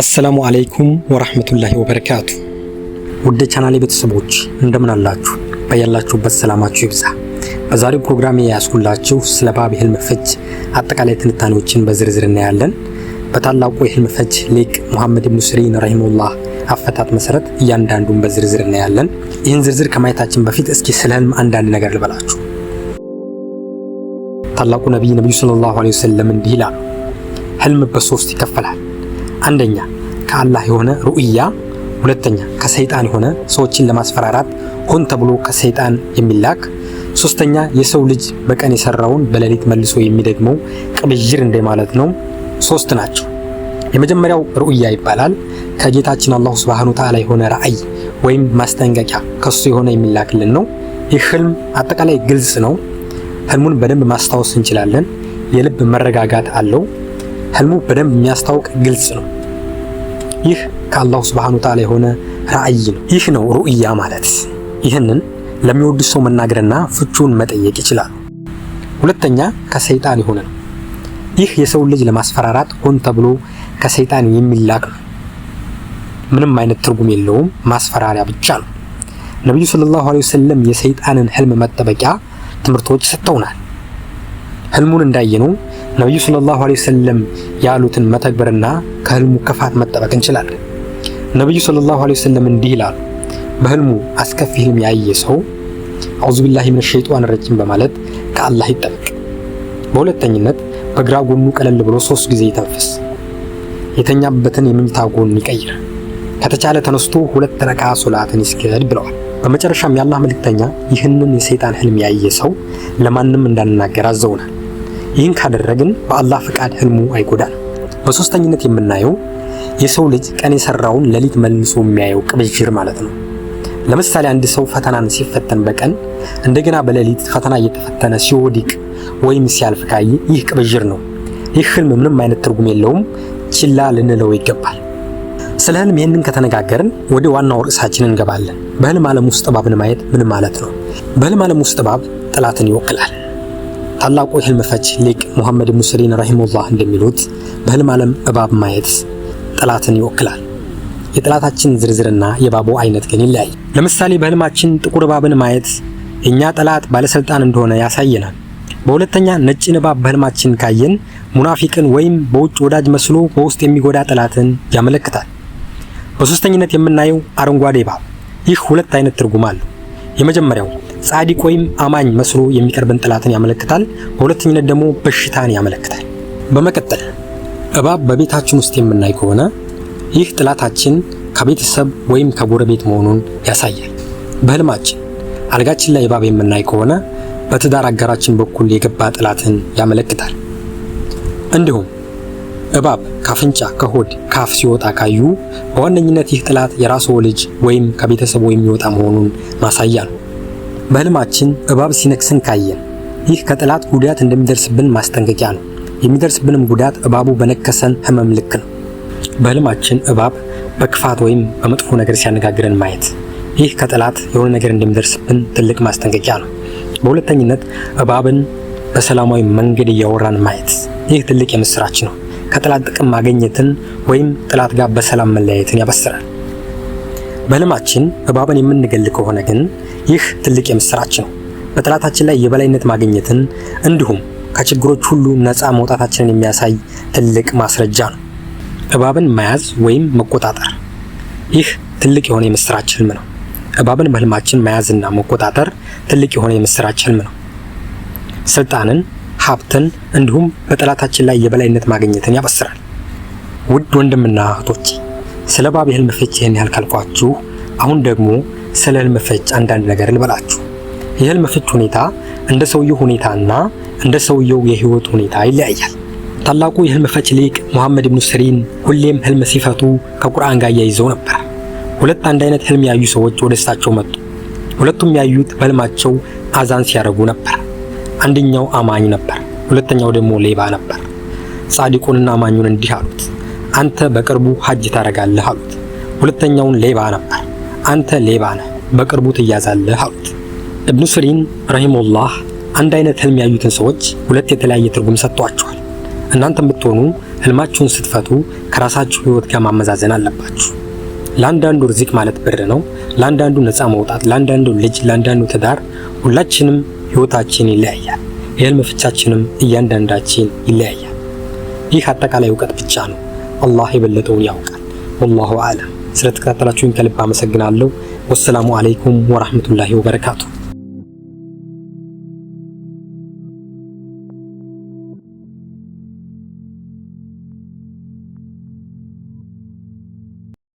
አሰላሙ አለይኩም ወራህመቱላሂ ወበረካቱ። ውድ ቻናሌ ቤተሰቦች እንደምን አላችሁ? በያላችሁበት ሰላማችሁ ይብዛ። በዛሬው ፕሮግራም የያዝኩላችሁ ስለ ባብ የህልም ፍች አጠቃላይ ትንታኔዎችን በዝርዝር እናያለን። በታላቁ የህልም ፍች ሊቅ ሙሐመድ ኢብኑ ሲሪን ረሂመሁላህ አፈታት መሰረት እያንዳንዱን በዝርዝር እናያለን። ይህን ዝርዝር ከማየታችን በፊት እስኪ ስለ ህልም አንዳንድ ነገር ልበላችሁ። ታላቁ ነቢይ ነቢዩ ሰለላሁ ዐለይሂ ወሰለም እንዲህ ይላሉ፣ ህልም በሶስት ይከፈላል አንደኛ ከአላህ የሆነ ሩእያ፣ ሁለተኛ ከሰይጣን የሆነ ሰዎችን ለማስፈራራት ሆን ተብሎ ከሰይጣን የሚላክ ሶስተኛ የሰው ልጅ በቀን የሰራውን በሌሊት መልሶ የሚደግመው ቅብይር እንደ ማለት ነው። ሶስት ናቸው። የመጀመሪያው ሩእያ ይባላል። ከጌታችን አላሁ ሱብሓነሁ ወተዓላ የሆነ ራእይ ወይም ማስጠንቀቂያ ከሱ የሆነ የሚላክልን ነው። ይህ ህልም አጠቃላይ ግልጽ ነው። ህልሙን በደንብ ማስታወስ እንችላለን። የልብ መረጋጋት አለው። ህልሙ በደንብ የሚያስታውቅ ግልጽ ነው። ይህ ከአላሁ ስብሐነሁ ወተዓላ የሆነ ራእይ ነው። ይህ ነው ሩእያ ማለት። ይህንን ለሚወዱት ሰው መናገርና ፍቹን መጠየቅ ይችላሉ። ሁለተኛ ከሰይጣን የሆነ ነው። ይህ የሰው ልጅ ለማስፈራራት ሆን ተብሎ ከሰይጣን የሚላክ ነው። ምንም አይነት ትርጉም የለውም፣ ማስፈራሪያ ብቻ ነው። ነቢዩ ሰለላሁ ዐለይሂ ወሰለም የሰይጣንን ህልም መጠበቂያ ትምህርቶች ሰጥተውናል። ህልሙን እንዳየነው ነቢዩ ሰለላሁ ዐለይሂ ወሰለም ያሉትን መተግበርና ከህልሙ ክፋት መጠበቅ እንችላለን። ነቢዩ ሰለላሁ ዐለይሂ ወሰለም እንዲህ ይላሉ፣ በህልሙ አስከፊ ህልም ያየ ሰው አዑዙ ቢላሂ ሚነ ሸይጧን ረጂም በማለት ከአላህ ይጠበቅ። በሁለተኝነት በግራ ጎኑ ቀለል ብሎ ሶስት ጊዜ ይተንፍስ። የተኛበትን የምኝታ ጎን ይቀይር። ከተቻለ ተነስቶ ሁለት ረካ ሶላትን ይስገድ ብለዋል። በመጨረሻም የአላህ መልእክተኛ ይህንን የሰይጣን ህልም ያየ ሰው ለማንም እንዳንናገር አዘውናል። ይህን ካደረግን በአላህ ፈቃድ ህልሙ አይጎዳንም። በሶስተኝነት የምናየው የሰው ልጅ ቀን የሰራውን ሌሊት መልሶ የሚያየው ቅብዥር ማለት ነው። ለምሳሌ አንድ ሰው ፈተናን ሲፈተን በቀን እንደገና በሌሊት ፈተና እየተፈተነ ሲወድቅ ወይም ሲያልፍ ካየ ይህ ቅብዥር ነው። ይህ ህልም ምንም አይነት ትርጉም የለውም፣ ችላ ልንለው ይገባል። ስለ ህልም ይህንን ከተነጋገርን ወደ ዋናው ርዕሳችን እንገባለን። በህልም ዓለም ውስጥ እባብን ማየት ምን ማለት ነው? በህልም ዓለም ውስጥ እባብ ጥላትን ይወክላል። ታላቁ ህልም ፈች ሊቅ ሙሐመድ ሙስሊን ረሂመሁላህ እንደሚሉት በህልም ዓለም እባብ ማየት ጠላትን ይወክላል። የጠላታችን ዝርዝርና የእባቡ አይነት ግን ይለያይ። ለምሳሌ በህልማችን ጥቁር እባብን ማየት እኛ ጠላት ባለስልጣን እንደሆነ ያሳየናል። በሁለተኛ ነጭ እባብ በህልማችን ካየን ሙናፊቅን ወይም በውጭ ወዳጅ መስሎ በውስጥ የሚጎዳ ጠላትን ያመለክታል። በሶስተኝነት የምናየው አረንጓዴ እባብ። ይህ ሁለት አይነት ትርጉም አለው። የመጀመሪያው ጻዲቅ ወይም አማኝ መስሎ የሚቀርብን ጥላትን ያመለክታል። በሁለተኝነት ደግሞ በሽታን ያመለክታል። በመቀጠል እባብ በቤታችን ውስጥ የምናይ ከሆነ ይህ ጥላታችን ከቤተሰብ ወይም ከጎረቤት መሆኑን ያሳያል። በህልማችን አልጋችን ላይ እባብ የምናይ ከሆነ በትዳር አጋራችን በኩል የገባ ጥላትን ያመለክታል። እንዲሁም እባብ ካፍንጫ፣ ከሆድ፣ ካፍ ሲወጣ ካዩ በዋነኝነት ይህ ጥላት የራስዎ ልጅ ወይም ከቤተሰቡ የሚወጣ መሆኑን ማሳያ ነው። በህልማችን እባብ ሲነክሰን ካየን ይህ ከጠላት ጉዳት እንደሚደርስብን ማስጠንቀቂያ ነው። የሚደርስብንም ጉዳት እባቡ በነከሰን ህመም ልክ ነው። በህልማችን እባብ በክፋት ወይም በመጥፎ ነገር ሲያነጋግረን ማየት ይህ ከጠላት የሆነ ነገር እንደሚደርስብን ትልቅ ማስጠንቀቂያ ነው። በሁለተኝነት እባብን በሰላማዊ መንገድ እያወራን ማየት ይህ ትልቅ የምስራች ነው። ከጠላት ጥቅም ማግኘትን ወይም ጠላት ጋር በሰላም መለያየትን ያበስራል። በህልማችን እባብን የምንገል ከሆነ ግን ይህ ትልቅ የምስራች ነው። በጠላታችን ላይ የበላይነት ማግኘትን እንዲሁም ከችግሮች ሁሉ ነፃ መውጣታችንን የሚያሳይ ትልቅ ማስረጃ ነው። እባብን መያዝ ወይም መቆጣጠር፣ ይህ ትልቅ የሆነ የምስራች ህልም ነው። እባብን በህልማችን መያዝና መቆጣጠር ትልቅ የሆነ የምስራች ህልም ነው። ስልጣንን፣ ሀብትን እንዲሁም በጠላታችን ላይ የበላይነት ማግኘትን ያበስራል። ውድ ወንድምና እህቶቼ ስለ እባብ የህልም ፍች ይህን ያህል ካልኳችሁ፣ አሁን ደግሞ ስለ ህልም ፍች አንዳንድ ነገር ልበላችሁ። የህልም ፍች ሁኔታ እንደ ሰውየው ሁኔታና እንደ ሰውየው የህይወት ሁኔታ ይለያያል። ታላቁ የህልም ፈች ሊቅ ሙሐመድ ኢብኑ ሲሪን ሁሌም ህልም ሲፈቱ ከቁርአን ጋር እያይዘው ነበር። ሁለት አንድ አይነት ህልም ያዩ ሰዎች ወደ እሳቸው መጡ። ሁለቱም ያዩት በህልማቸው አዛን ሲያደርጉ ነበር። አንደኛው አማኝ ነበር፣ ሁለተኛው ደግሞ ሌባ ነበር። ጻዲቁንና አማኙን እንዲህ አሉት አንተ በቅርቡ ሀጅ ታደርጋለህ አሉት። ሁለተኛውን ሌባ ነበር። አንተ ሌባ ነህ፣ በቅርቡ ትያዛለህ አሉት። እብኑ ስሪን ረሂመሁላህ አንድ አይነት ህልም ያዩትን ሰዎች ሁለት የተለያየ ትርጉም ሰጥቷቸዋል። እናንተም ብትሆኑ ህልማችሁን ስትፈቱ ከራሳችሁ ህይወት ጋር ማመዛዘን አለባችሁ። ለአንዳንዱ ርዚቅ ማለት ብር ነው፣ ለአንዳንዱ ነፃ መውጣት፣ ለአንዳንዱ ልጅ፣ ለአንዳንዱ ትዳር። ሁላችንም ህይወታችን ይለያያል። የህልም ፍቻችንም እያንዳንዳችን ይለያያል። ይህ አጠቃላይ እውቀት ብቻ ነው። አላህ የበለጠውን ያውቃል። ወላሁ አለም። ስለተከታተላችሁኝ ከልብ አመሰግናለሁ። ወሰላሙ አለይኩም ወራህመቱላሂ ወበረካቱ።